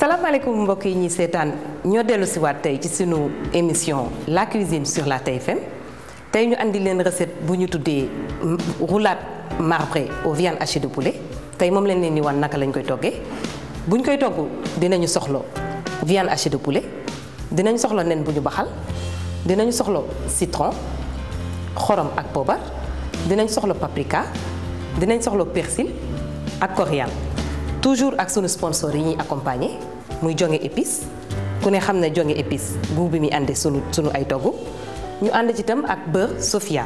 salaamaaleykum mbokk yi ñuy seetaan ñoo dellu si waat tey ci sunu émission la cuisine sur la TFM tey ñu indi leen recette bu ñu tuddee roulade marbrée au viandes hachées de poulet tey moom lañ leen di wan naka lañ koy toggee buñ koy togg dinañu soxla viande hachée de poulet dinañ soxla nen bu ñu baxal dinañ soxla citron xorom ak poobar dinañ soxla paprika dinañ soxla persil ak coriandre toujours ak sunu sponsor yi ñuy accompagner. muy jonge épice ku ne xam ne jonge épice guub bi muy ànde sunu sunu ay togg ñu ànd ci itam ak beurre Sofia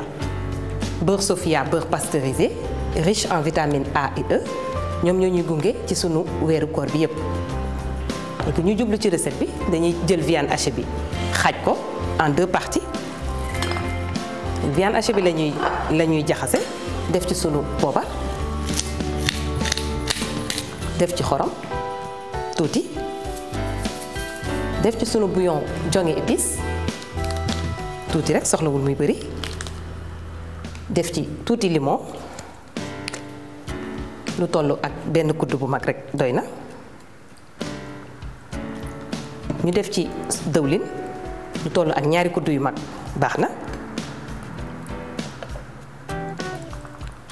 beurre Sofia beurre pasteurisé riche en vitamine A et E ñoom ñoo ñuy gunge ci sunu weeru koor bi yépp léegi ñu jublu ci recette bi dañuy jël viande hachée bi xaaj ko en deux parties viande hachée bi la ñuy la jaxase def ci sunu poobar def ci xorom tuuti def ci sunu bouillon jonge épice tuuti rek soxlawul muy bëri def ci tuuti limon lu tollu ak benn kudd bu mag rek doy na ñu def ci dëwlin lu tollu ak ñaari kudd yu mag baax na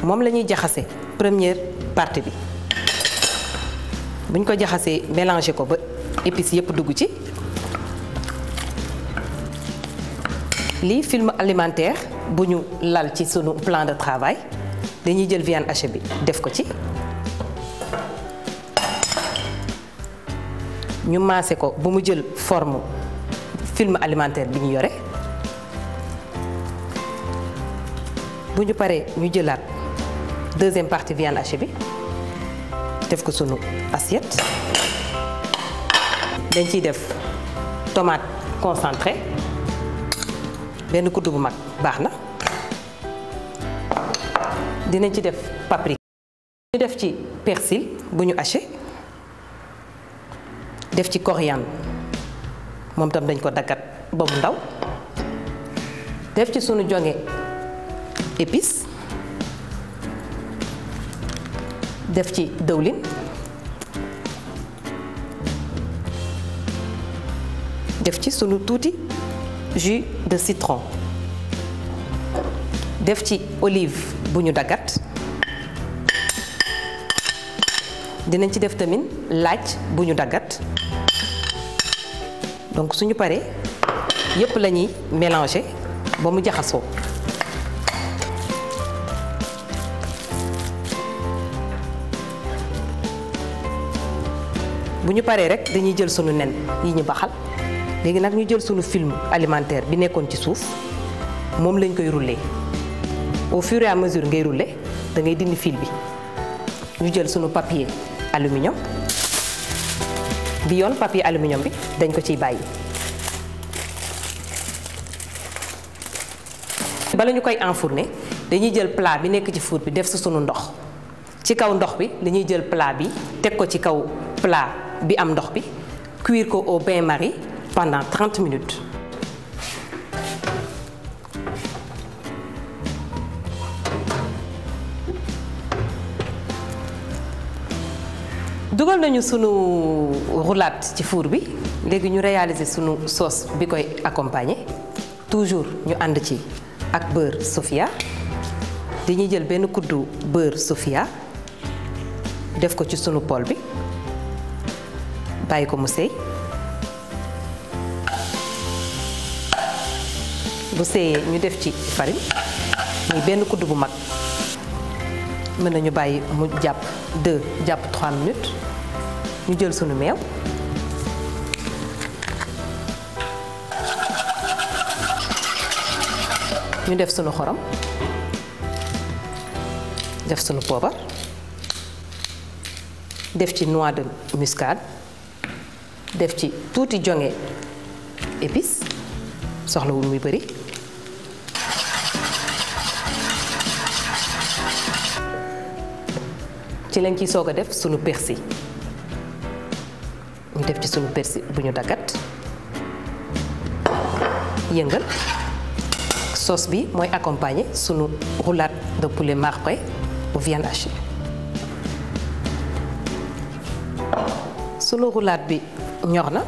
moom la ñuy jaxase première partie bi buñ ko jaxasee mélangé ko ba épices yëpp dugg ci lii film alimentaire bu ñu lal ci sunu plan de travail dañuy jël viande hachée bi def ko ci ñu maase ko bu mu jël forme film alimentaire bi ñu yore bu ñu paree ñu jëlaat deuxième partie viande ache bi def ko sunu assiette dañ ciy def tomate concentré benn kuddu bu mag baax na dinañ ci def paprika ñu def ci persil bu ñu haché def ci coriandre moom tam dañ ko daggat ba mu ndaw def ci sunu jonge épice def ci dëwlin def ci sunu tuuti jus de citron def ci olive bu ñu daggat dinañ ci def tamit laaj bu ñu daggat donc suñu paree yépp la ñuy mélanger ba mu jaxasoo bu ñu paree rek dañuy jël sunu nen yi ñu baxal léegi nag ñu jël sunu film alimentaire bi nekkoon ci suuf moom lañ koy rouler au fur et à rouler da ngay dindi bi ñu jël sunu papier aluminium bi yoon papier aluminium bi dañ ko ciy bàyyi. bala koy enfourner dañuy jël plat bi nekk ci four bi def si sunu ndox ci kaw ndox bi dañuy jël plat bi teg ko ci kaw plat bi am ndox bi cuire ko au bain-marie. pendant trent minutes. dugal nañu sunu roulade ci four bi léegi ñu réaliser sunu sauce bi koy accompagner toujours ñu ànd ci ak beurre sofia dañuy jël benn kuddu beurre sofia def ko ci sunu poêle bi bàyyi ko mu sey bu seeyee ñu def ci farine muy benn kudd bu mag mën nañu bàyyi mu jàpp 2 jàpp 3 minutes ñu jël sunu meew ñu def sunu xorom def sunu poobar def ci noix de muscade def ci tuuti jonge épice soxlawul muy bëri ci lañ ciy soog a def suñu persil ñu def ci suñu persil bu ñu daggat yëngal sauce bi mooy accompagner sunu roulade de poulet marbré ou viande hachée sunu roulade bi ñor na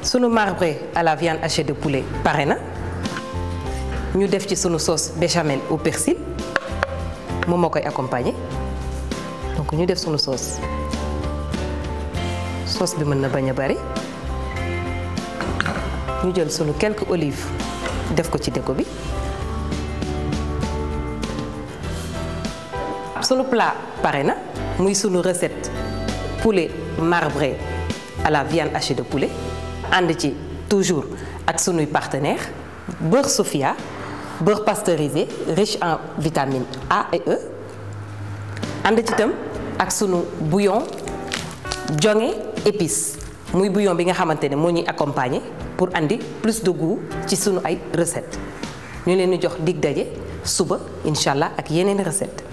sunu marbré à la viande hachée de poulet pare na ñu def ci sunu sauce béchamel au persil moom moo koy accompagner donc ñu def sunu sauce sauce bi mën na bañ a bari ñu jël sunu quelque olives def ko ci déco bi sunu plat pare na muy sunu recette poulet marbré à la viande hachée de poulet ànd ci toujours ak suñuy partenaire Beurre Sofia beurre pasteurisé riche en vitamine A et E ànd ci ak sunu bouillon jonge épices muy buyon bi nga xamante ne moo ñuy accompagner pour andi plus de goût ci sunu ay recettes ñu leen di jox dig daje suba incha allah ak yeneen recette